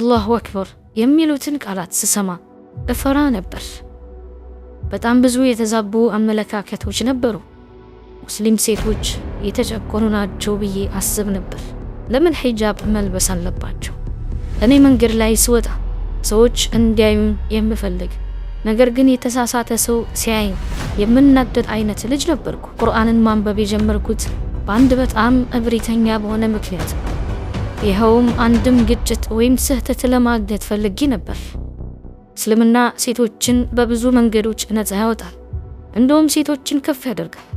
አላሁ አክበር የሚሉትን ቃላት ስሰማ እፈራ ነበር። በጣም ብዙ የተዛቡ አመለካከቶች ነበሩ። ሙስሊም ሴቶች የተጨቆኑ ናቸው ብዬ አስብ ነበር። ለምን ሂጃብ መልበስ አለባቸው? እኔ መንገድ ላይ ስወጣ ሰዎች እንዲያዩን የምፈልግ ነገር ግን የተሳሳተ ሰው ሲያይ የምናደድ አይነት ልጅ ነበርኩ። ቁርአንን ማንበብ የጀመርኩት በአንድ በጣም እብሪተኛ በሆነ ምክንያት ነው። ይኸውም አንድም ግጭት ወይም ስህተት ለማግኘት ፈልጌ ነበር። እስልምና ሴቶችን በብዙ መንገዶች ነፃ ያወጣል፣ እንደውም ሴቶችን ከፍ ያደርጋል።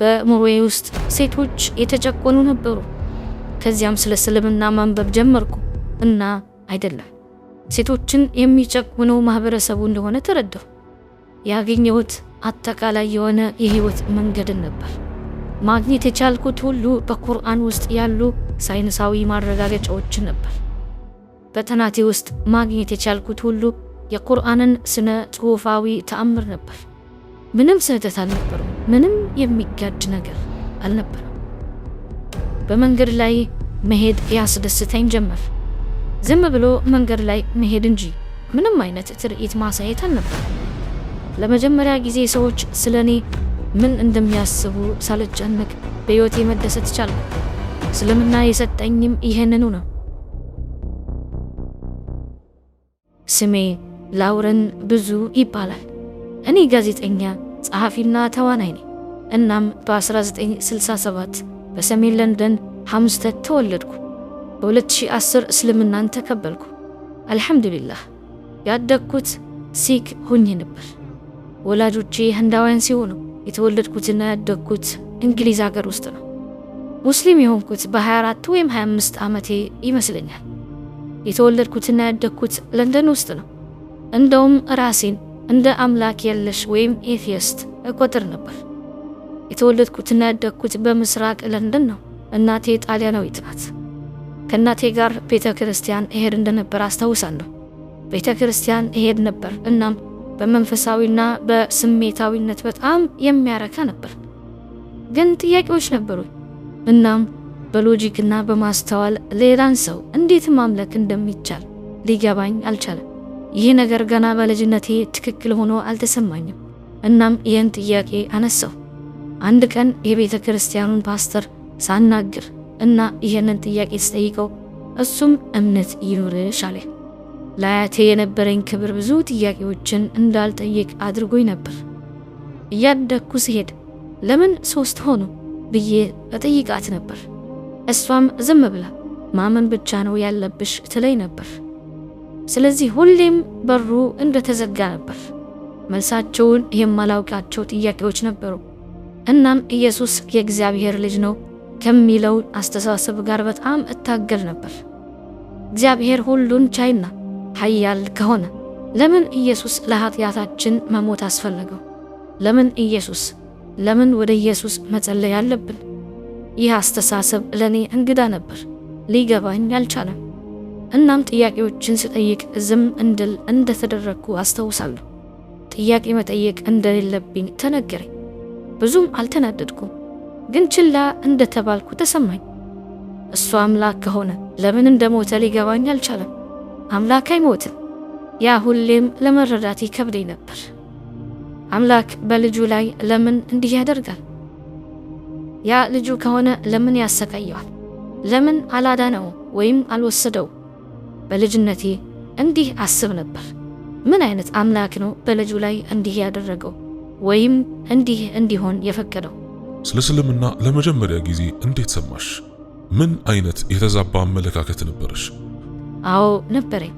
በኖርዌይ ውስጥ ሴቶች የተጨቆኑ ነበሩ። ከዚያም ስለ እስልምና ማንበብ ጀመርኩ እና አይደለም ሴቶችን የሚጨቁነው ማህበረሰቡ እንደሆነ ተረዳሁ። ያገኘሁት አጠቃላይ የሆነ የህይወት መንገድን ነበር። ማግኘት የቻልኩት ሁሉ በቁርአን ውስጥ ያሉ ሳይንሳዊ ማረጋገጫዎች ነበር። በተናቴ ውስጥ ማግኘት የቻልኩት ሁሉ የቁርአንን ስነ ጽሑፋዊ ተአምር ነበር። ምንም ስህተት አልነበረም። ምንም የሚጋድ ነገር አልነበረም። በመንገድ ላይ መሄድ ያስደስተኝ ጀመር። ዝም ብሎ መንገድ ላይ መሄድ እንጂ ምንም አይነት ትርኢት ማሳየት አልነበረም። ለመጀመሪያ ጊዜ ሰዎች ስለ እኔ ምን እንደሚያስቡ ሳልጨነቅ በሕይወቴ መደሰት ቻለ። እስልምና የሰጠኝም ይህንኑ ነው። ስሜ ላውረን ብዙ ይባላል። እኔ ጋዜጠኛ ጸሐፊና ተዋናይ ነኝ። እናም በ1967 በሰሜን ለንደን ሃምስተድ ተወለድኩ። በ2010 እስልምናን ተከበልኩ። አልሐምዱሊላህ ያደግኩት ሲክ ሆኜ ነበር። ወላጆቼ ህንዳውያን ሲሆኑ የተወለድኩትና ያደግኩት እንግሊዝ ሀገር ውስጥ ነው። ሙስሊም የሆንኩት በ24 ወይም 25 ዓመቴ ይመስለኛል። የተወለድኩትና ያደግኩት ለንደን ውስጥ ነው። እንደውም ራሴን እንደ አምላክ የለሽ ወይም ኤቲየስት እቆጥር ነበር። የተወለድኩትና ያደግኩት በምስራቅ ለንደን ነው። እናቴ ጣሊያናዊት ናት። ከእናቴ ጋር ቤተ ክርስቲያን እሄድ እንደነበር አስታውሳለሁ። ቤተ ክርስቲያን እሄድ ነበር። እናም በመንፈሳዊና በስሜታዊነት በጣም የሚያረካ ነበር። ግን ጥያቄዎች ነበሩ። እናም በሎጂክና በማስተዋል ሌላን ሰው እንዴት ማምለክ እንደሚቻል ሊገባኝ አልቻለም። ይህ ነገር ገና በልጅነቴ ትክክል ሆኖ አልተሰማኝም። እናም ይህን ጥያቄ አነሳሁ። አንድ ቀን የቤተ ክርስቲያኑን ፓስተር ሳናግር እና ይህንን ጥያቄ ስጠይቀው እሱም እምነት ይኑርሽ አለ። ለአያቴ የነበረኝ ክብር ብዙ ጥያቄዎችን እንዳልጠይቅ አድርጎኝ ነበር። እያደግኩ ስሄድ ለምን ሶስት ሆኑ ብዬ እጠይቃት ነበር። እሷም ዝም ብላ ማመን ብቻ ነው ያለብሽ ትለይ ነበር። ስለዚህ ሁሌም በሩ እንደተዘጋ ነበር። መልሳቸውን የማላውቃቸው ጥያቄዎች ነበሩ። እናም ኢየሱስ የእግዚአብሔር ልጅ ነው ከሚለው አስተሳሰብ ጋር በጣም እታገል ነበር። እግዚአብሔር ሁሉን ቻይና ኃያል ከሆነ ለምን ኢየሱስ ለኃጢአታችን መሞት አስፈለገው? ለምን ኢየሱስ ለምን ወደ ኢየሱስ መጸለይ አለብን? ይህ አስተሳሰብ ለእኔ እንግዳ ነበር፣ ሊገባኝ አልቻለም። እናም ጥያቄዎችን ስጠይቅ ዝም እንድል እንደተደረግኩ አስታውሳለሁ። ጥያቄ መጠየቅ እንደሌለብኝ ተነገረኝ። ብዙም አልተናደድኩም፣ ግን ችላ እንደተባልኩ ተሰማኝ። እሱ አምላክ ከሆነ ለምን እንደሞተ ሊገባኝ አልቻለም። አምላክ አይሞትም። ያ ሁሌም ለመረዳት ይከብደኝ ነበር። አምላክ በልጁ ላይ ለምን እንዲህ ያደርጋል? ያ ልጁ ከሆነ ለምን ያሰቃየዋል? ለምን አላዳነው ወይም አልወሰደው? በልጅነቴ እንዲህ አስብ ነበር። ምን አይነት አምላክ ነው በልጁ ላይ እንዲህ ያደረገው ወይም እንዲህ እንዲሆን የፈቀደው? ስለ እስልምና ለመጀመሪያ ጊዜ እንዴት ሰማሽ? ምን አይነት የተዛባ አመለካከት ነበረሽ? አዎ ነበረኝ።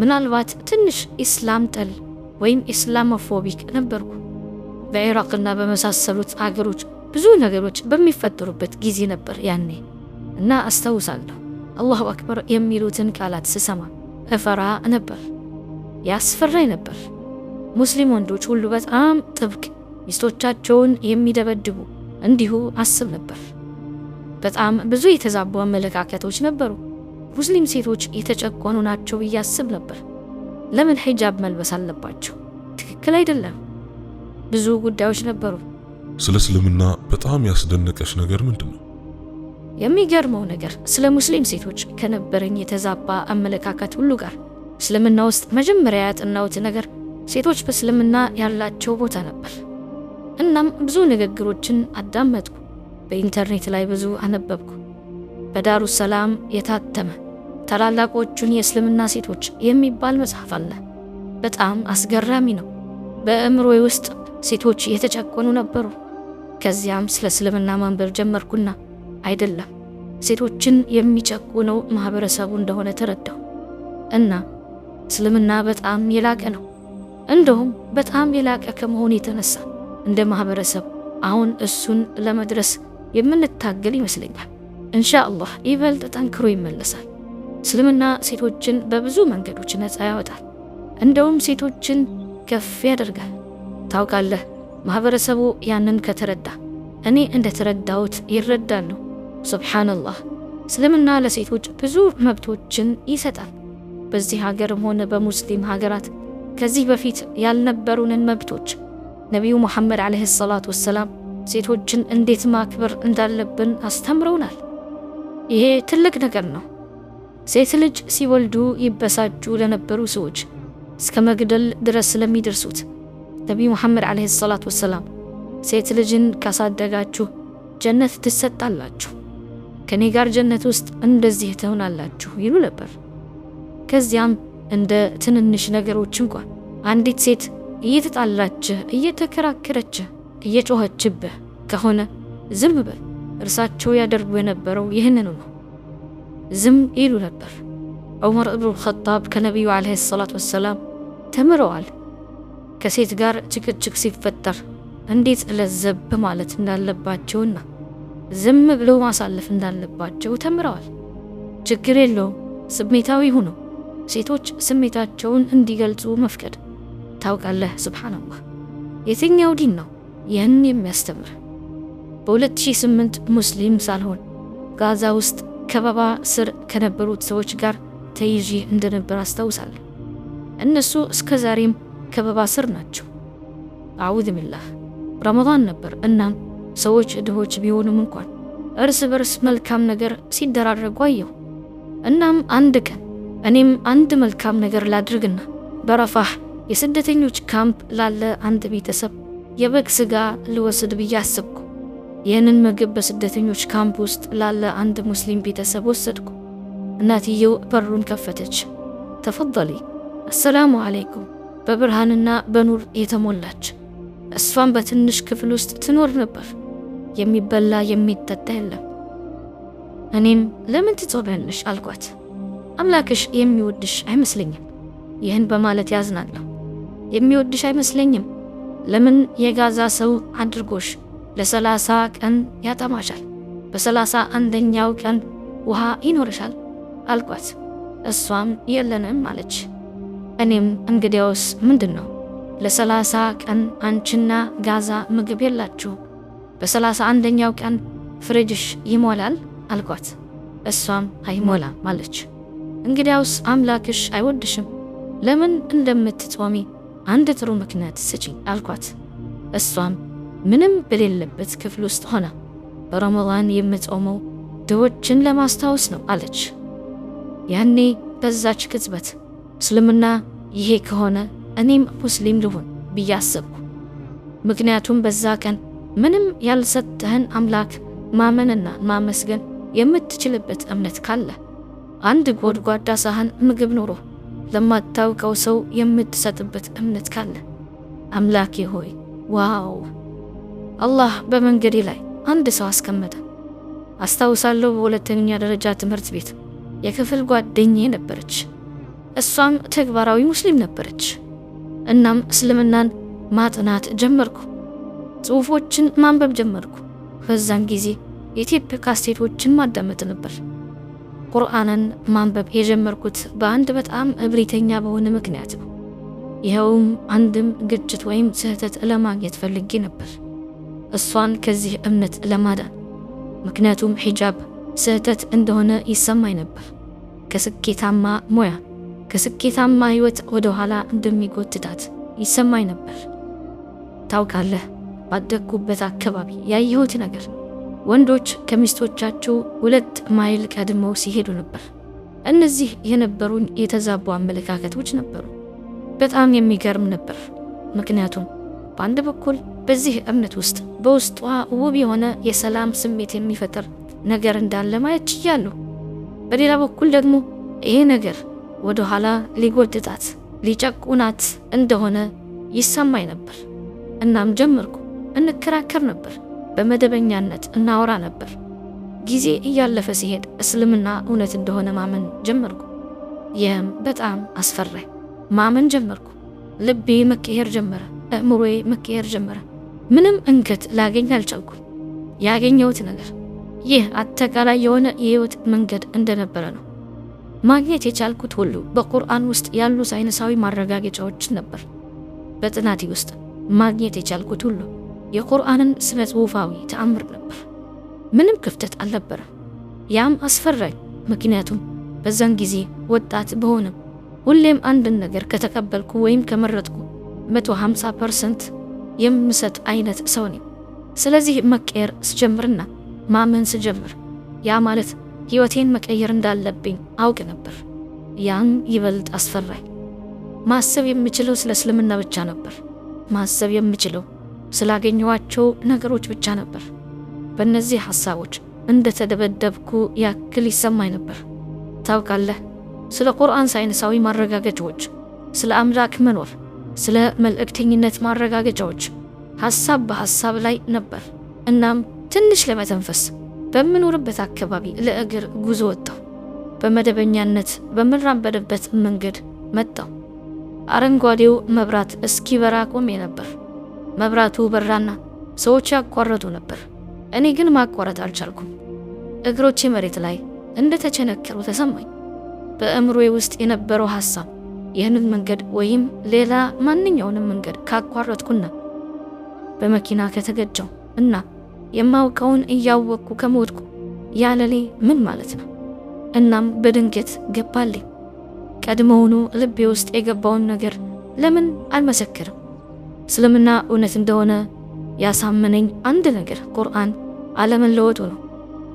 ምናልባት ትንሽ ኢስላም ጠል ወይም ኢስላሞፎቢክ ነበርኩ። በኢራቅና በመሳሰሉት አገሮች ብዙ ነገሮች በሚፈጠሩበት ጊዜ ነበር ያኔ እና አስታውሳለሁ አላሁ አክበር የሚሉትን ቃላት ስሰማ እፈራ ነበር፣ ያስፈራኝ ነበር። ሙስሊም ወንዶች ሁሉ በጣም ጥብቅ፣ ሚስቶቻቸውን የሚደበድቡ እንዲሁ አስብ ነበር። በጣም ብዙ የተዛቡ አመለካከቶች ነበሩ። ሙስሊም ሴቶች የተጨቆኑ ናቸው ብዬ አስብ ነበር። ለምን ሂጃብ መልበስ አለባቸው? ትክክል አይደለም። ብዙ ጉዳዮች ነበሩ። ስለ እስልምና በጣም ያስደነቀች ነገር ምንድን ነው? የሚገርመው ነገር ስለ ሙስሊም ሴቶች ከነበረኝ የተዛባ አመለካከት ሁሉ ጋር እስልምና ውስጥ መጀመሪያ ያጠናሁት ነገር ሴቶች በእስልምና ያላቸው ቦታ ነበር። እናም ብዙ ንግግሮችን አዳመጥኩ። በኢንተርኔት ላይ ብዙ አነበብኩ። በዳሩ ሰላም የታተመ ታላላቆቹን የእስልምና ሴቶች የሚባል መጽሐፍ አለ። በጣም አስገራሚ ነው። በእምሮ ውስጥ ሴቶች እየተጨቆኑ ነበሩ። ከዚያም ስለ እስልምና ማንበብ ጀመርኩና አይደለም ሴቶችን የሚጨቁነው ማህበረሰቡ እንደሆነ ተረዳው እና እስልምና በጣም የላቀ ነው። እንደውም በጣም የላቀ ከመሆኑ የተነሳ እንደ ማህበረሰብ አሁን እሱን ለመድረስ የምንታገል ይመስለኛል። እንሻ አላህ ይበልጥ ጠንክሮ ይመለሳል። እስልምና ሴቶችን በብዙ መንገዶች ነፃ ያወጣል፣ እንደውም ሴቶችን ከፍ ያደርጋል። ታውቃለህ፣ ማህበረሰቡ ያንን ከተረዳ እኔ እንደ ተረዳሁት ይረዳሉ። ሱብሓነላህ፣ እስልምና ለሴቶች ብዙ መብቶችን ይሰጣል። በዚህ ሀገርም ሆነ በሙስሊም ሀገራት ከዚህ በፊት ያልነበሩንን መብቶች ነቢዩ ሙሐመድ ዓለይሂ ሰላቱ ወሰላም ሴቶችን እንዴት ማክበር እንዳለብን አስተምረውናል። ይሄ ትልቅ ነገር ነው። ሴት ልጅ ሲወልዱ ይበሳጩ ለነበሩ ሰዎች እስከ መግደል ድረስ ስለሚደርሱት ነቢዩ መሐመድ ዓለይሂ ሰላቱ ወሰላም ሴት ልጅን ካሳደጋችሁ ጀነት ትሰጣላችሁ፣ ከኔ ጋር ጀነት ውስጥ እንደዚህ ትሆናላችሁ ይሉ ነበር። ከዚያም እንደ ትንንሽ ነገሮች እንኳን አንዲት ሴት እየተጣላችህ፣ እየተከራከረችህ፣ እየጮኸችብህ ከሆነ ዝም በል። እርሳቸው ያደርጉ የነበረው ይህንኑ ነው። ዝም ይሉ ነበር። ዑመር እብኑል ኸጣብ ከነቢዩ ዓለይሂ ሰላት ወሰላም ተምረዋል። ከሴት ጋር ጭቅጭቅ ሲፈጠር እንዴት ለዘብ ማለት እንዳለባቸውና ዝም ብሎ ማሳለፍ እንዳለባቸው ተምረዋል። ችግር የለውም ስሜታዊ ሁኑ፣ ሴቶች ስሜታቸውን እንዲገልጹ መፍቀድ። ታውቃለህ፣ ሱብሓነላህ የትኛው ዲን ነው ይህን የሚያስተምር? በ2008 ሙስሊም ሳልሆን ጋዛ ውስጥ ከበባ ስር ከነበሩት ሰዎች ጋር ተይዤ እንደነበር አስታውሳለሁ። እነሱ እስከ ዛሬም ከበባ ስር ናቸው። አዑዝ ቢላህ ረመዳን ነበር። እናም ሰዎች ድሆች ቢሆኑም እንኳን እርስ በርስ መልካም ነገር ሲደራረጉ አየሁ። እናም አንድ ቀን እኔም አንድ መልካም ነገር ላድርግና በረፋህ የስደተኞች ካምፕ ላለ አንድ ቤተሰብ የበግ ስጋ ልወስድ ብዬ አስብኩ። ይህንን ምግብ በስደተኞች ካምፕ ውስጥ ላለ አንድ ሙስሊም ቤተሰብ ወሰድኩ። እናትየው በሩን ከፈተች። ተፈደሊ። አሰላሙ አለይኩም። በብርሃንና በኑር የተሞላች እሷም በትንሽ ክፍል ውስጥ ትኖር ነበር። የሚበላ የሚጠጣ የለም። እኔም ለምን ትጾበንሽ አልኳት። አምላክሽ የሚወድሽ አይመስለኝም። ይህን በማለት ያዝናለሁ። የሚወድሽ አይመስለኝም። ለምን የጋዛ ሰው አድርጎሽ ለሰላሳ ቀን ያጠማሻል፣ በሰላሳ አንደኛው ቀን ውሃ ይኖርሻል አልኳት። እሷም የለንም አለች። እኔም እንግዲያውስ ምንድን ነው ለሰላሳ ቀን አንቺና ጋዛ ምግብ የላችሁ፣ በሰላሳ አንደኛው ቀን ፍሪጅሽ ይሞላል አልኳት። እሷም አይሞላም አለች። እንግዲያውስ አምላክሽ አይወድሽም፣ ለምን እንደምትጾሚ አንድ ጥሩ ምክንያት ስጪ አልኳት። እሷም ምንም በሌለበት ክፍል ውስጥ ሆና በረመዳን የምጾመው ድሆችን ለማስታወስ ነው አለች። ያኔ በዛች ቅጽበት እስልምና ይሄ ከሆነ እኔም ሙስሊም ልሆን ብዬ አሰብኩ። ምክንያቱም በዛ ቀን ምንም ያልሰጠህን አምላክ ማመንና ማመስገን የምትችልበት እምነት ካለ አንድ ጎድጓዳ ሳህን ምግብ ኖሮ ለማታውቀው ሰው የምትሰጥበት እምነት ካለ አምላኬ ሆይ ዋው አላህ በመንገዴ ላይ አንድ ሰው አስቀመጠ። አስታውሳለሁ በሁለተኛ ደረጃ ትምህርት ቤት የክፍል ጓደኛዬ ነበረች። እሷም ተግባራዊ ሙስሊም ነበረች። እናም እስልምናን ማጥናት ጀመርኩ። ጽሑፎችን ማንበብ ጀመርኩ። በዛን ጊዜ የቴፕ ካሴቶችን ማዳመጥ ነበር። ቁርአንን ማንበብ የጀመርኩት በአንድ በጣም እብሪተኛ በሆነ ምክንያት ነው። ይኸውም አንድም ግጭት ወይም ስህተት ለማግኘት ፈልጌ ነበር። እሷን ከዚህ እምነት ለማዳን። ምክንያቱም ሒጃብ ስህተት እንደሆነ ይሰማኝ ነበር። ከስኬታማ ሙያ፣ ከስኬታማ ህይወት ወደ ኋላ እንደሚጎትታት ይሰማኝ ነበር። ታውቃለህ፣ ባደግኩበት አካባቢ ያየሁት ነገር ወንዶች ከሚስቶቻቸው ሁለት ማይል ቀድመው ሲሄዱ ነበር። እነዚህ የነበሩን የተዛቡ አመለካከቶች ነበሩ። በጣም የሚገርም ነበር። ምክንያቱም በአንድ በኩል በዚህ እምነት ውስጥ በውስጧ ውብ የሆነ የሰላም ስሜት የሚፈጥር ነገር እንዳለ ማየት ችያለሁ። በሌላ በኩል ደግሞ ይሄ ነገር ወደ ኋላ ሊጎትታት ሊጨቁናት እንደሆነ ይሰማኝ ነበር። እናም ጀመርኩ። እንከራከር ነበር፣ በመደበኛነት እናወራ ነበር። ጊዜ እያለፈ ሲሄድ እስልምና እውነት እንደሆነ ማመን ጀመርኩ። ይህም በጣም አስፈራኝ። ማመን ጀመርኩ። ልቤ መቀየር ጀመረ። አእምሮዬ መቀየር ጀመረ። ምንም እንከት ላገኝ አልቻልኩም። ያገኘሁት ነገር ይህ አጠቃላይ የሆነ የህይወት መንገድ እንደነበረ ነው። ማግኘት የቻልኩት ሁሉ በቁርአን ውስጥ ያሉ ሳይንሳዊ ማረጋገጫዎችን ነበር። በጥናቴ ውስጥ ማግኘት የቻልኩት ሁሉ የቁርአንን ስነ ጽሁፋዊ ተአምር ነበር። ምንም ክፍተት አልነበረም። ያም አስፈራኝ፣ ምክንያቱም በዛን ጊዜ ወጣት በሆነም ሁሌም አንድን ነገር ከተቀበልኩ ወይም ከመረጥኩ 150 ፐርሰንት የምሰጥ አይነት ሰው ነኝ። ስለዚህ መቀየር ስጀምርና ማመን ስጀምር ያ ማለት ህይወቴን መቀየር እንዳለብኝ አውቅ ነበር። ያን ይበልጥ አስፈራኝ። ማሰብ የምችለው ስለ እስልምና ብቻ ነበር። ማሰብ የምችለው ስላገኘኋቸው ነገሮች ብቻ ነበር። በእነዚህ ሐሳቦች እንደተደበደብኩ ያክል ይሰማኝ ነበር። ታውቃለህ፣ ስለ ቁርአን ሳይንሳዊ ማረጋገጫዎች፣ ስለ አምላክ መኖር ስለ መልእክተኝነት ማረጋገጫዎች ሀሳብ በሀሳብ ላይ ነበር። እናም ትንሽ ለመተንፈስ በምኖርበት አካባቢ ለእግር ጉዞ ወጣሁ። በመደበኛነት በምራመድበት መንገድ መጣሁ። አረንጓዴው መብራት እስኪበራ ቆሜ ነበር። መብራቱ በራና ሰዎች ያቋረጡ ነበር። እኔ ግን ማቋረጥ አልቻልኩም። እግሮቼ መሬት ላይ እንደተቸነከሩ ተሰማኝ። በእምሮዬ ውስጥ የነበረው ሀሳብ ይህንን መንገድ ወይም ሌላ ማንኛውንም መንገድ ካቋረጥኩና በመኪና ከተገጨው እና የማውቀውን እያወቅኩ ከሞትኩ ያለሌ ምን ማለት ነው? እናም በድንገት ገባልኝ። ቀድሞውኑ ልቤ ውስጥ የገባውን ነገር ለምን አልመሰክርም? እስልምና እውነት እንደሆነ ያሳመነኝ አንድ ነገር ቁርአን አለመለወጡ ነው።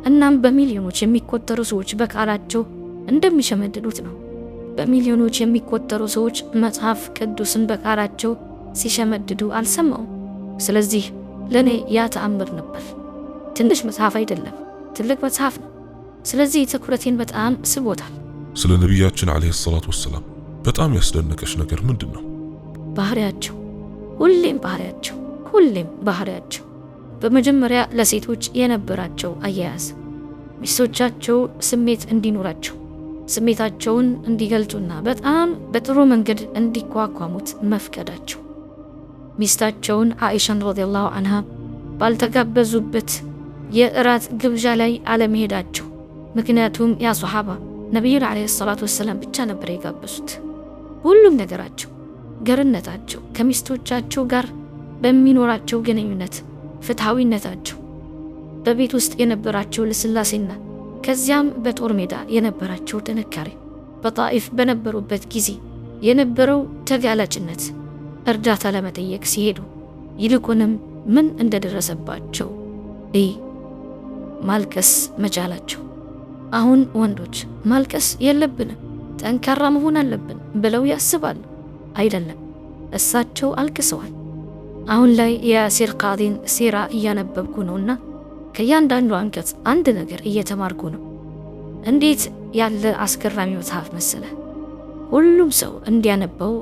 እናም በሚሊዮኖች የሚቆጠሩ ሰዎች በቃላቸው እንደሚሸመድዱት ነው። በሚሊዮኖች የሚቆጠሩ ሰዎች መጽሐፍ ቅዱስን በካራቸው ሲሸመድዱ አልሰማውም። ስለዚህ ለእኔ ያ ተአምር ነበር። ትንሽ መጽሐፍ አይደለም፣ ትልቅ መጽሐፍ ነው። ስለዚህ ትኩረቴን በጣም ስቦታል። ስለ ነቢያችን ዓለይሂ ሰላቱ ወሰላም በጣም ያስደነቀሽ ነገር ምንድን ነው? ባህሪያቸው፣ ሁሌም ባህሪያቸው፣ ሁሌም ባህሪያቸው። በመጀመሪያ ለሴቶች የነበራቸው አያያዝ፣ ሚስቶቻቸው ስሜት እንዲኖራቸው ስሜታቸውን እንዲገልጹና በጣም በጥሩ መንገድ እንዲቋቋሙት መፍቀዳቸው ሚስታቸውን አኢሻን ረዲየላሁ አንሃ ባልተጋበዙበት የእራት ግብዣ ላይ አለመሄዳቸው ምክንያቱም ያ ሶሓባ ነቢዩን ዓለይሂ ሰላቱ ወሰላም ብቻ ነበር የጋበዙት። ሁሉም ነገራቸው፣ ገርነታቸው፣ ከሚስቶቻቸው ጋር በሚኖራቸው ግንኙነት ፍትሐዊነታቸው፣ በቤት ውስጥ የነበራቸው ልስላሴና ከዚያም በጦር ሜዳ የነበራቸው ጥንካሬ፣ በጣኢፍ በነበሩበት ጊዜ የነበረው ተጋላጭነት፣ እርዳታ ለመጠየቅ ሲሄዱ ይልቁንም ምን እንደደረሰባቸው እይ ማልቀስ መቻላቸው። አሁን ወንዶች ማልቀስ የለብንም ጠንካራ መሆን አለብን ብለው ያስባሉ። አይደለም፣ እሳቸው አልቅሰዋል። አሁን ላይ የያሲር ቃዲን ሴራ እያነበብኩ ነውና ከእያንዳንዱ አንቀጽ አንድ ነገር እየተማርኩ ነው። እንዴት ያለ አስገራሚ መጽሐፍ መሰለ! ሁሉም ሰው እንዲያነበው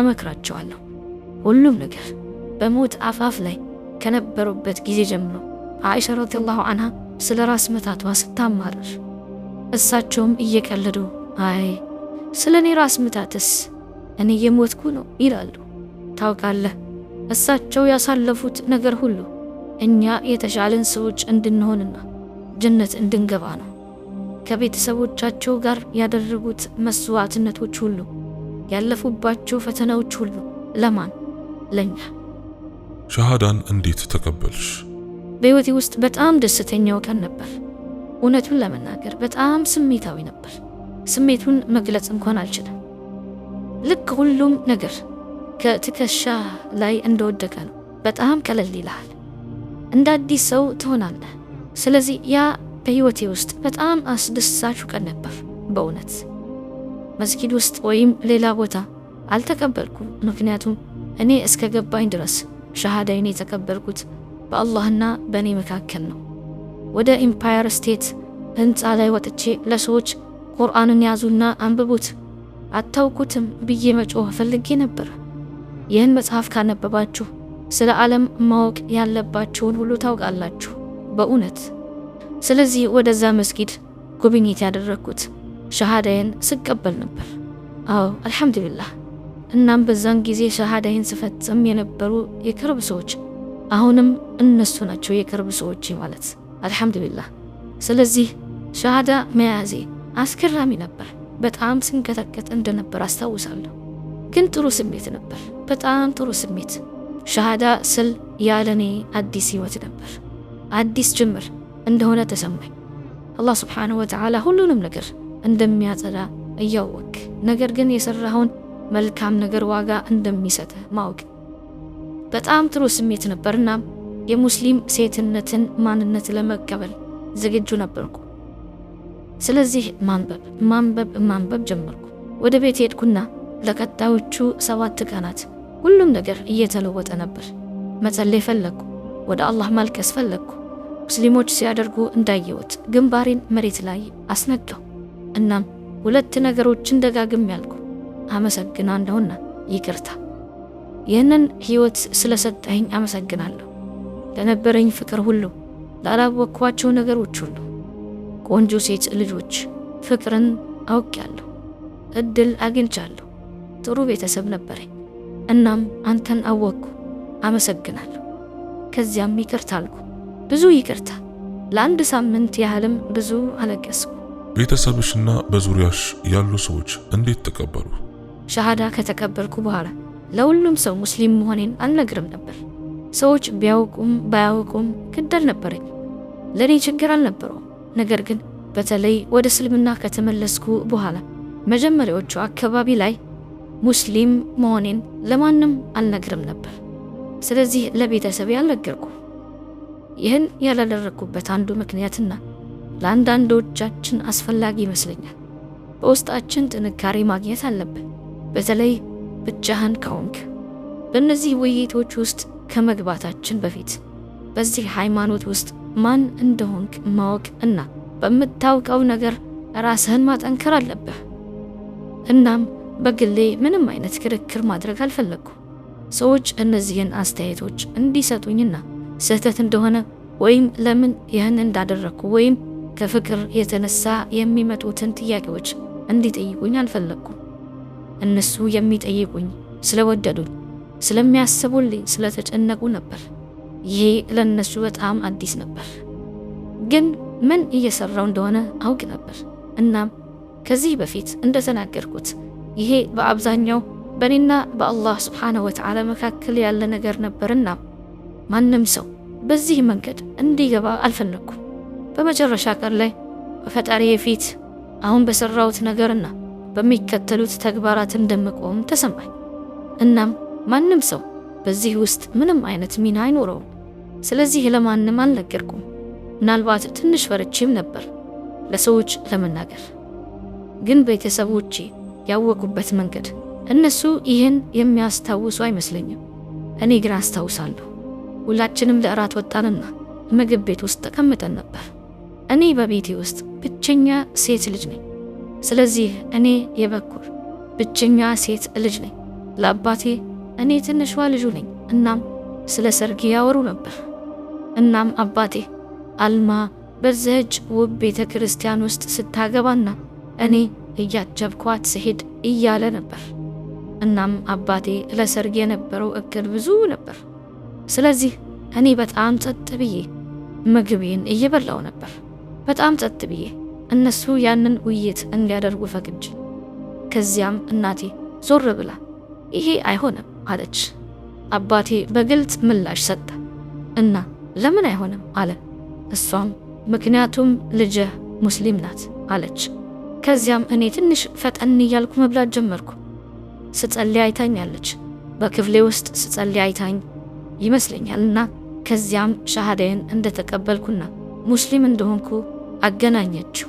አመክራቸዋለሁ። ሁሉም ነገር በሞት አፋፍ ላይ ከነበሩበት ጊዜ ጀምሮ አኢሻ ረዲየላሁ አንሃ ስለ ራስ ምታቷ ስታማርር፣ እሳቸውም እየቀለዱ አይ ስለ እኔ ራስ ምታትስ እኔ የሞትኩ ነው ይላሉ። ታውቃለህ እሳቸው ያሳለፉት ነገር ሁሉ እኛ የተሻለን ሰዎች እንድንሆንና ጀነት እንድንገባ ነው። ከቤተሰቦቻቸው ጋር ያደረጉት መስዋዕትነቶች ሁሉ፣ ያለፉባቸው ፈተናዎች ሁሉ ለማን? ለኛ ሸሃዳን እንዴት ተቀበልሽ? በሕይወቴ ውስጥ በጣም ደስተኛው ቀን ነበር። እውነቱን ለመናገር በጣም ስሜታዊ ነበር። ስሜቱን መግለጽ እንኳን አልችልም። ልክ ሁሉም ነገር ከትከሻ ላይ እንደወደቀ ነው። በጣም ቀለል ይልሃል። እንደ አዲስ ሰው ትሆናለህ። ስለዚህ ያ በህይወቴ ውስጥ በጣም አስደሳቹ ቀን ነበር። በእውነት መስጊድ ውስጥ ወይም ሌላ ቦታ አልተቀበልኩም፣ ምክንያቱም እኔ እስከ ገባኝ ድረስ ሻሃዳይን የተቀበልኩት በአላህና በእኔ መካከል ነው። ወደ ኢምፓየር ስቴት ህንፃ ላይ ወጥቼ ለሰዎች ቁርአንን ያዙና አንብቡት አታውቁትም ብዬ መጮህ ፈልጌ ነበር። ይህን መጽሐፍ ካነበባችሁ ስለ ዓለም ማወቅ ያለባችሁን ሁሉ ታውቃላችሁ በእውነት። ስለዚህ ወደዛ መስጊድ ጉብኝት ያደረግኩት ሸሃዳዬን ስቀበል ነበር። አዎ አልሐምዱሊላህ። እናም በዛን ጊዜ ሸሃዳዬን ስፈጽም የነበሩ የክርብ ሰዎች አሁንም እነሱ ናቸው የክርብ ሰዎች ማለት አልሐምዱሊላህ። ስለዚህ ሸሃዳ መያዜ አስገራሚ ነበር። በጣም ስንቀጠቀጥ እንደነበር አስታውሳለሁ። ግን ጥሩ ስሜት ነበር፣ በጣም ጥሩ ስሜት ሸሃዳ ስል ያለኔ አዲስ ህይወት ነበር፣ አዲስ ጅምር እንደሆነ ተሰማኝ። አላህ ስብሓንሁ ወተዓላ ሁሉንም ነገር እንደሚያጸዳ እያወቅ ነገር ግን የሰራኸውን መልካም ነገር ዋጋ እንደሚሰጥ ማወቅ በጣም ጥሩ ስሜት ነበርና የሙስሊም ሴትነትን ማንነት ለመቀበል ዝግጁ ነበርኩ። ስለዚህ ማንበብ ማንበብ ማንበብ ጀመርኩ። ወደ ቤት ሄድኩና ለቀጣዮቹ ሰባት ቀናት ሁሉም ነገር እየተለወጠ ነበር። መጸለይ ፈለግኩ። ወደ አላህ ማልቀስ ፈለግኩ። ሙስሊሞች ሲያደርጉ እንዳየሁት ግንባሬን መሬት ላይ አስነጋው እናም ሁለት ነገሮችን ደጋግም ያልኩ አመሰግናለሁና ይቅርታ፣ ይህንን ሕይወት ስለሰጠኸኝ አመሰግናለሁ፣ ለነበረኝ ፍቅር ሁሉ፣ ላላወቅኳቸው ነገሮች ሁሉ። ቆንጆ ሴት ልጆች፣ ፍቅርን አውቅያለሁ፣ እድል አግኝቻለሁ፣ ጥሩ ቤተሰብ ነበረኝ። እናም አንተን አወቅኩ፣ አመሰግናለሁ። ከዚያም ይቅርታ አልኩ፣ ብዙ ይቅርታ። ለአንድ ሳምንት ያህልም ብዙ አለቀስኩ። ቤተሰብሽና በዙሪያሽ ያሉ ሰዎች እንዴት ተቀበሉ? ሻሃዳ ከተቀበልኩ በኋላ ለሁሉም ሰው ሙስሊም መሆኔን አልነግርም ነበር። ሰዎች ቢያውቁም ባያውቁም ግድ አልነበረኝ፣ ለእኔ ችግር አልነበረውም። ነገር ግን በተለይ ወደ እስልምና ከተመለስኩ በኋላ መጀመሪያዎቹ አካባቢ ላይ ሙስሊም መሆኔን ለማንም አልነግርም ነበር። ስለዚህ ለቤተሰብ አልነገርኩ። ይህን ያላደረግኩበት አንዱ ምክንያትና ለአንዳንዶቻችን አስፈላጊ ይመስለኛል። በውስጣችን ጥንካሬ ማግኘት አለብን፣ በተለይ ብቻህን ከሆንክ። በእነዚህ ውይይቶች ውስጥ ከመግባታችን በፊት በዚህ ሃይማኖት ውስጥ ማን እንደሆንክ ማወቅ እና በምታውቀው ነገር ራስህን ማጠንከር አለብህ እናም በግሌ ምንም አይነት ክርክር ማድረግ አልፈለኩ ሰዎች እነዚህን አስተያየቶች እንዲሰጡኝና ስህተት እንደሆነ ወይም ለምን ይህን እንዳደረግኩ ወይም ከፍቅር የተነሳ የሚመጡትን ጥያቄዎች እንዲጠይቁኝ አልፈለግኩም። እነሱ የሚጠይቁኝ ስለወደዱኝ፣ ስለሚያስቡልኝ፣ ስለተጨነቁ ነበር። ይሄ ለእነሱ በጣም አዲስ ነበር፣ ግን ምን እየሰራው እንደሆነ አውቅ ነበር። እናም ከዚህ በፊት እንደተናገርኩት ይሄ በአብዛኛው በእኔና በአላህ ስብሓነ ወተዓላ መካከል ያለ ነገር ነበርና ማንም ሰው በዚህ መንገድ እንዲገባ አልፈለግኩም። በመጨረሻ ቀን ላይ በፈጣሪ የፊት አሁን በሠራሁት ነገርና በሚከተሉት ተግባራት እንደምቆም ተሰማኝ። እናም ማንም ሰው በዚህ ውስጥ ምንም አይነት ሚና አይኖረውም። ስለዚህ ለማንም አልነገርኩም። ምናልባት ትንሽ ፈርቼም ነበር ለሰዎች ለመናገር። ግን ቤተሰቦቼ ያወቁበት መንገድ እነሱ ይህን የሚያስታውሱ አይመስለኝም። እኔ ግን አስታውሳለሁ። ሁላችንም ለእራት ወጣንና ምግብ ቤት ውስጥ ተቀምጠን ነበር። እኔ በቤቴ ውስጥ ብቸኛ ሴት ልጅ ነኝ። ስለዚህ እኔ የበኩር ብቸኛ ሴት ልጅ ነኝ። ለአባቴ እኔ ትንሿ ልጁ ነኝ። እናም ስለ ሰርግ ያወሩ ነበር። እናም አባቴ አልማ በዚህች ውብ ቤተ ክርስቲያን ውስጥ ስታገባና እኔ እያጀብኳት ስሄድ እያለ ነበር። እናም አባቴ ለሰርግ የነበረው እቅድ ብዙ ነበር። ስለዚህ እኔ በጣም ጸጥ ብዬ ምግቤን እየበላው ነበር። በጣም ጸጥ ብዬ እነሱ ያንን ውይይት እንዲያደርጉ ፈቅጅ። ከዚያም እናቴ ዞር ብላ ይሄ አይሆንም አለች። አባቴ በግልጽ ምላሽ ሰጠ እና ለምን አይሆንም አለ። እሷም ምክንያቱም ልጅህ ሙስሊም ናት አለች። ከዚያም እኔ ትንሽ ፈጠን እያልኩ መብላት ጀመርኩ። ስጸልይ አይታኛለች። በክፍሌ ውስጥ ስጸልይ አይታኝ ይመስለኛልና ከዚያም ሻሃዳዬን እንደተቀበልኩና ሙስሊም እንደሆንኩ አገናኘችው።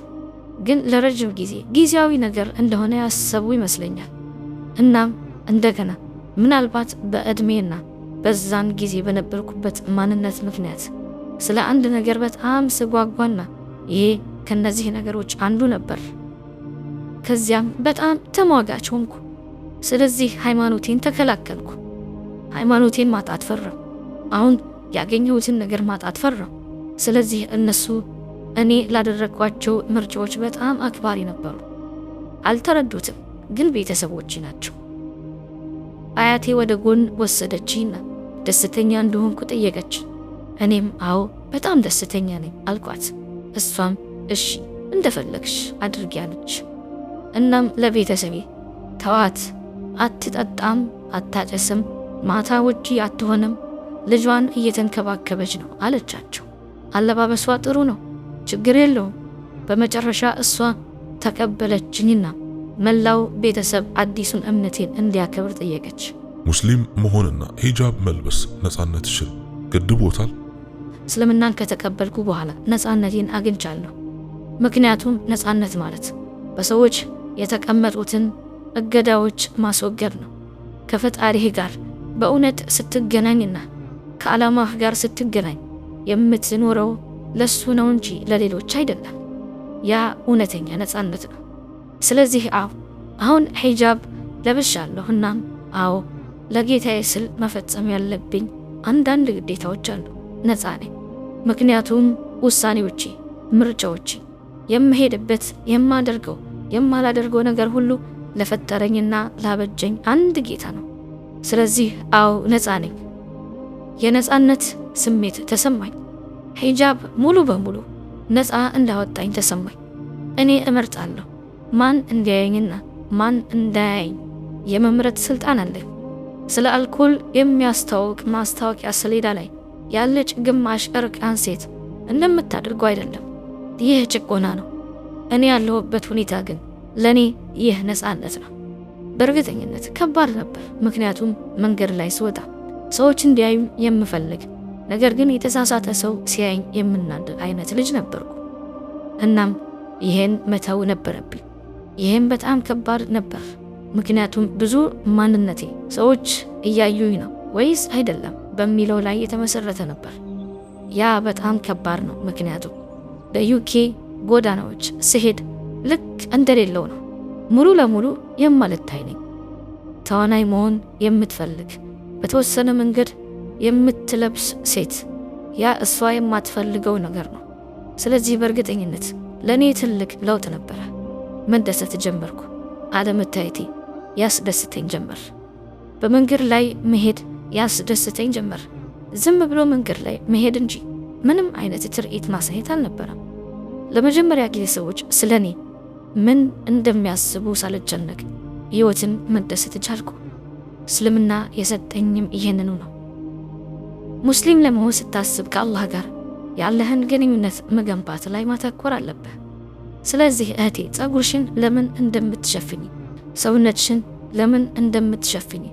ግን ለረጅም ጊዜ ጊዜያዊ ነገር እንደሆነ ያሰቡ ይመስለኛል። እናም እንደገና ምናልባት በዕድሜና በዛን ጊዜ በነበርኩበት ማንነት ምክንያት ስለ አንድ ነገር በጣም ስጓጓና ይሄ ከነዚህ ነገሮች አንዱ ነበር። ከዚያም በጣም ተሟጋች ሆንኩ። ስለዚህ ሃይማኖቴን ተከላከልኩ። ሃይማኖቴን ማጣት ፈራው። አሁን ያገኘሁትን ነገር ማጣት ፈራው። ስለዚህ እነሱ እኔ ላደረግኳቸው ምርጫዎች በጣም አክባሪ ነበሩ። አልተረዱትም፣ ግን ቤተሰቦች ናቸው። አያቴ ወደ ጎን ወሰደችና ደስተኛ እንደሆንኩ ጠየቀች። እኔም አዎ በጣም ደስተኛ ነኝ አልኳት። እሷም እሺ እንደፈለግሽ አድርጊያለች። እናም ለቤተሰቤ ተዋት፣ አትጠጣም፣ አታጨስም፣ ማታ ውጪ አትሆንም፣ ልጇን እየተንከባከበች ነው አለቻቸው። አለባበሷ ጥሩ ነው፣ ችግር የለውም። በመጨረሻ እሷ ተቀበለችኝና መላው ቤተሰብ አዲሱን እምነቴን እንዲያከብር ጠየቀች። ሙስሊም መሆንና ሂጃብ መልበስ ነፃነትሽን ገድቦታል? እስልምናን ከተቀበልኩ በኋላ ነፃነቴን አግኝቻለሁ። ምክንያቱም ነፃነት ማለት በሰዎች የተቀመጡትን እገዳዎች ማስወገድ ነው። ከፈጣሪህ ጋር በእውነት ስትገናኝና ከዓላማህ ጋር ስትገናኝ የምትኖረው ለሱ ነው እንጂ ለሌሎች አይደለም። ያ እውነተኛ ነፃነት ነው። ስለዚህ አዎ አሁን ሒጃብ ለብሻለሁ። እናም አዎ ለጌታዬ ስል መፈጸም ያለብኝ አንዳንድ ግዴታዎች አሉ። ነፃ ነኝ። ምክንያቱም ውሳኔዎቼ፣ ምርጫዎቼ፣ የምሄድበት የማደርገው የማላደርገው ነገር ሁሉ ለፈጠረኝና ላበጀኝ አንድ ጌታ ነው። ስለዚህ አዎ ነፃ ነኝ። የነፃነት ስሜት ተሰማኝ። ሂጃብ ሙሉ በሙሉ ነፃ እንዳወጣኝ ተሰማኝ። እኔ እመርጣለሁ ማን እንዲያየኝና ማን እንዳያየኝ የመምረጥ ስልጣን አለኝ። ስለ አልኮል የሚያስተዋውቅ ማስታወቂያ ሰሌዳ ላይ ያለች ግማሽ እርቃን ሴት እንደምታደርገው አይደለም። ይህ ጭቆና ነው። እኔ ያለሁበት ሁኔታ ግን ለእኔ ይህ ነፃነት ነው። በእርግጠኝነት ከባድ ነበር፣ ምክንያቱም መንገድ ላይ ስወጣ ሰዎች እንዲያዩ የምፈልግ ነገር ግን የተሳሳተ ሰው ሲያይኝ የምናደድ አይነት ልጅ ነበርኩ። እናም ይሄን መተው ነበረብኝ። ይሄም በጣም ከባድ ነበር፣ ምክንያቱም ብዙ ማንነቴ ሰዎች እያዩኝ ነው ወይስ አይደለም በሚለው ላይ የተመሰረተ ነበር። ያ በጣም ከባድ ነው፣ ምክንያቱም በዩኬ ጎዳናዎች ስሄድ ልክ እንደሌለው ነው። ሙሉ ለሙሉ የማልታይ ነኝ። ተዋናይ መሆን የምትፈልግ በተወሰነ መንገድ የምትለብስ ሴት፣ ያ እሷ የማትፈልገው ነገር ነው። ስለዚህ በእርግጠኝነት ለእኔ ትልቅ ለውጥ ነበረ። መደሰት ጀመርኩ። አለመታየቴ ያስደስተኝ ጀመር። በመንገድ ላይ መሄድ ያስደስተኝ ጀመር። ዝም ብሎ መንገድ ላይ መሄድ እንጂ ምንም አይነት ትርኢት ማሳየት አልነበረም። ለመጀመሪያ ጊዜ ሰዎች ስለ እኔ ምን እንደሚያስቡ ሳልጨነቅ ሕይወትን መደሰት እቻልኩ። እስልምና የሰጠኝም ይህንኑ ነው። ሙስሊም ለመሆን ስታስብ ከአላህ ጋር ያለህን ግንኙነት መገንባት ላይ ማተኮር አለብህ። ስለዚህ እህቴ ጸጉርሽን ለምን እንደምትሸፍኝ፣ ሰውነትሽን ለምን እንደምትሸፍኝ፣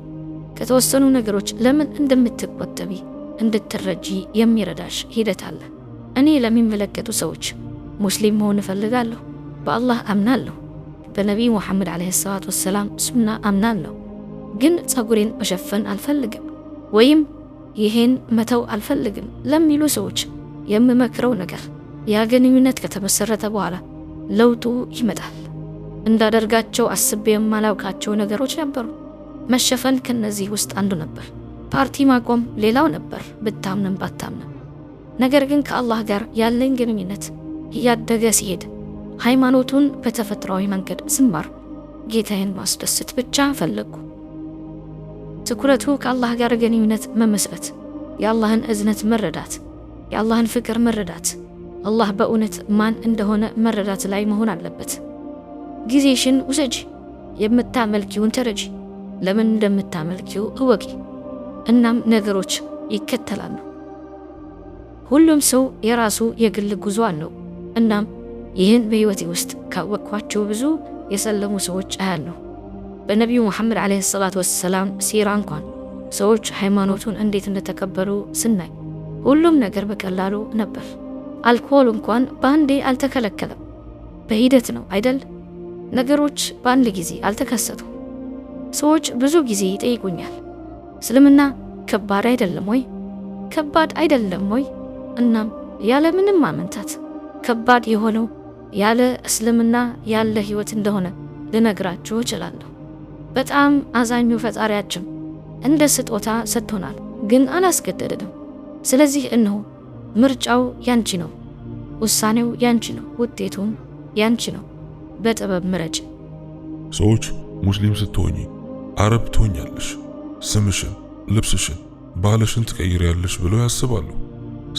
ከተወሰኑ ነገሮች ለምን እንደምትቆጠቢ እንድትረጂ የሚረዳሽ ሂደት አለ። እኔ ለሚመለከቱ ሰዎች ሙስሊም መሆን እፈልጋለሁ። በአላህ አምናለሁ። በነቢይ ሙሐመድ ዓለይሂ ሰላቱ ወሰላም ሱና አምናለሁ። ግን ጸጉሬን መሸፈን አልፈልግም ወይም ይሄን መተው አልፈልግም ለሚሉ ሰዎች የምመክረው ነገር ያ ግንኙነት ከተመሰረተ በኋላ ለውጡ ይመጣል። እንዳደርጋቸው አስቤ የማላውቃቸው ነገሮች ነበሩ። መሸፈን ከነዚህ ውስጥ አንዱ ነበር። ፓርቲ ማቆም ሌላው ነበር፣ ብታምንም ባታምንም። ነገር ግን ከአላህ ጋር ያለኝ ግንኙነት እያደገ ሲሄድ ሃይማኖቱን በተፈጥሯዊ መንገድ ስማር ጌታዬን ማስደሰት ብቻ ፈለግኩ። ትኩረቱ ከአላህ ጋር ግንኙነት መመስረት፣ የአላህን እዝነት መረዳት፣ የአላህን ፍቅር መረዳት፣ አላህ በእውነት ማን እንደሆነ መረዳት ላይ መሆን አለበት። ጊዜሽን ውሰጂ፣ የምታመልኪውን ተረጂ፣ ለምን እንደምታመልኪው እወቂ። እናም ነገሮች ይከተላሉ። ሁሉም ሰው የራሱ የግል ጉዞ አለው። እናም ይህን በሕይወቴ ውስጥ ካወቅኳቸው ብዙ የሰለሙ ሰዎች አያለሁ። በነቢዩ መሐመድ ዓለይሂ ሰላቱ ወሰላም ሲራ እንኳን ሰዎች ሃይማኖቱን እንዴት እንደተከበሩ ስናይ ሁሉም ነገር በቀላሉ ነበር። አልኮል እንኳን በአንዴ አልተከለከለም። በሂደት ነው አይደል? ነገሮች በአንድ ጊዜ አልተከሰቱም። ሰዎች ብዙ ጊዜ ይጠይቁኛል፣ እስልምና ከባድ አይደለም ወይ? ከባድ አይደለም ወይ? እናም ያለምንም ማመንታት ከባድ የሆነው ያለ እስልምና ያለ ህይወት እንደሆነ ልነግራችሁ እችላለሁ። በጣም አዛኙ ፈጣሪያችን እንደ ስጦታ ሰጥቶናል፣ ግን አላስገደደንም። ስለዚህ እነሆ ምርጫው ያንቺ ነው፣ ውሳኔው ያንቺ ነው፣ ውጤቱም ያንቺ ነው። በጥበብ ምረጭ። ሰዎች ሙስሊም ስትሆኚ አረብ ትሆኛለሽ፣ ስምሽን፣ ልብስሽን፣ ባህልሽን ትቀይሪያለሽ ብለው ያስባሉ።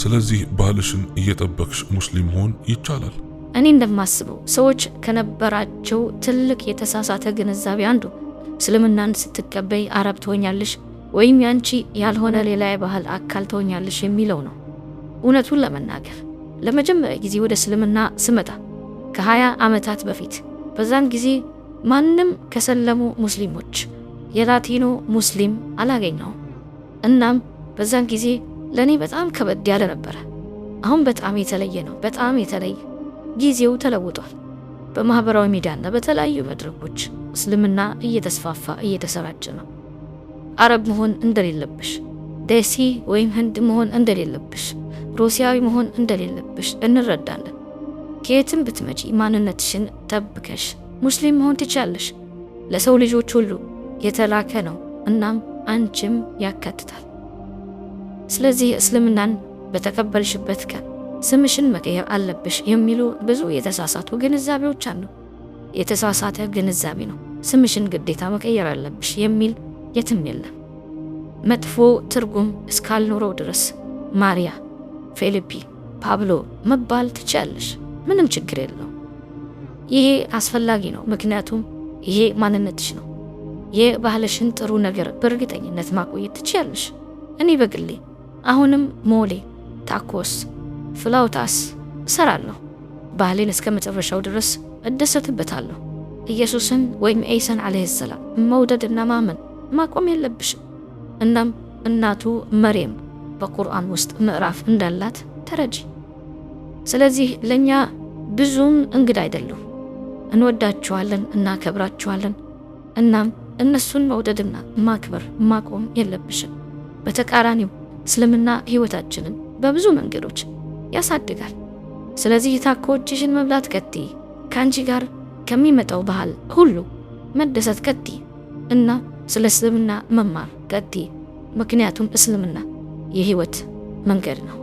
ስለዚህ ባህልሽን እየጠበቅሽ ሙስሊም መሆን ይቻላል። እኔ እንደማስበው ሰዎች ከነበራቸው ትልቅ የተሳሳተ ግንዛቤ አንዱ እስልምናን ስትቀበይ አረብ ትሆኛለሽ ወይም ያንቺ ያልሆነ ሌላ የባህል አካል ትሆኛለሽ የሚለው ነው። እውነቱን ለመናገር ለመጀመሪያ ጊዜ ወደ እስልምና ስመጣ ከ20 ዓመታት በፊት በዛን ጊዜ ማንም ከሰለሙ ሙስሊሞች የላቲኖ ሙስሊም አላገኘውም። እናም በዛን ጊዜ ለእኔ በጣም ከበድ ያለ ነበረ። አሁን በጣም የተለየ ነው። በጣም የተለየ ጊዜው ተለውጧል። በማህበራዊ ሚዲያና በተለያዩ መድረኮች እስልምና እየተስፋፋ እየተሰራጨ ነው። አረብ መሆን እንደሌለብሽ፣ ደሲ ወይም ህንድ መሆን እንደሌለብሽ፣ ሩሲያዊ መሆን እንደሌለብሽ እንረዳለን። ከየትም ብትመጪ ማንነትሽን ተብከሽ ሙስሊም መሆን ትቻለሽ። ለሰው ልጆች ሁሉ የተላከ ነው። እናም አንቺም ያካትታል። ስለዚህ እስልምናን በተቀበልሽበት ቀን ስምሽን መቀየር አለብሽ የሚሉ ብዙ የተሳሳቱ ግንዛቤዎች አሉ። የተሳሳተ ግንዛቤ ነው ስምሽን ግዴታ መቀየር አለብሽ የሚል የትም የለም። መጥፎ ትርጉም እስካልኖረው ድረስ ማሪያ፣ ፌሊፒ ፓብሎ መባል ትችያለሽ። ምንም ችግር የለው። ይሄ አስፈላጊ ነው፣ ምክንያቱም ይሄ ማንነትሽ ነው። የባህለሽን ጥሩ ነገር በእርግጠኝነት ማቆየት ትችያለሽ። እኔ በግሌ አሁንም ሞሌ፣ ታኮስ፣ ፍላውታስ እሰራለሁ። ባህሌን እስከ መጨረሻው ድረስ እደሰትበታለሁ። ኢየሱስን ወይም ኢሳን ዓለይሂ ሰላም መውደድና ማመን ማቆም የለብሽም። እናም እናቱ መርየም በቁርአን ውስጥ ምዕራፍ እንዳላት ተረጂ። ስለዚህ ለእኛ ብዙም እንግዳ አይደሉም። እንወዳችኋለን፣ እናከብራችኋለን። እናም እነሱን መውደድና ማክበር ማቆም የለብሽም። በተቃራኒው እስልምና ህይወታችንን በብዙ መንገዶች ያሳድጋል። ስለዚህ ታኮችሽን መብላት ከቲ ከአንቺ ጋር ከሚመጣው ባህል ሁሉ መደሰት ከቲ እና ስለ እስልምና መማር ከቲ ምክንያቱም እስልምና የህይወት መንገድ ነው።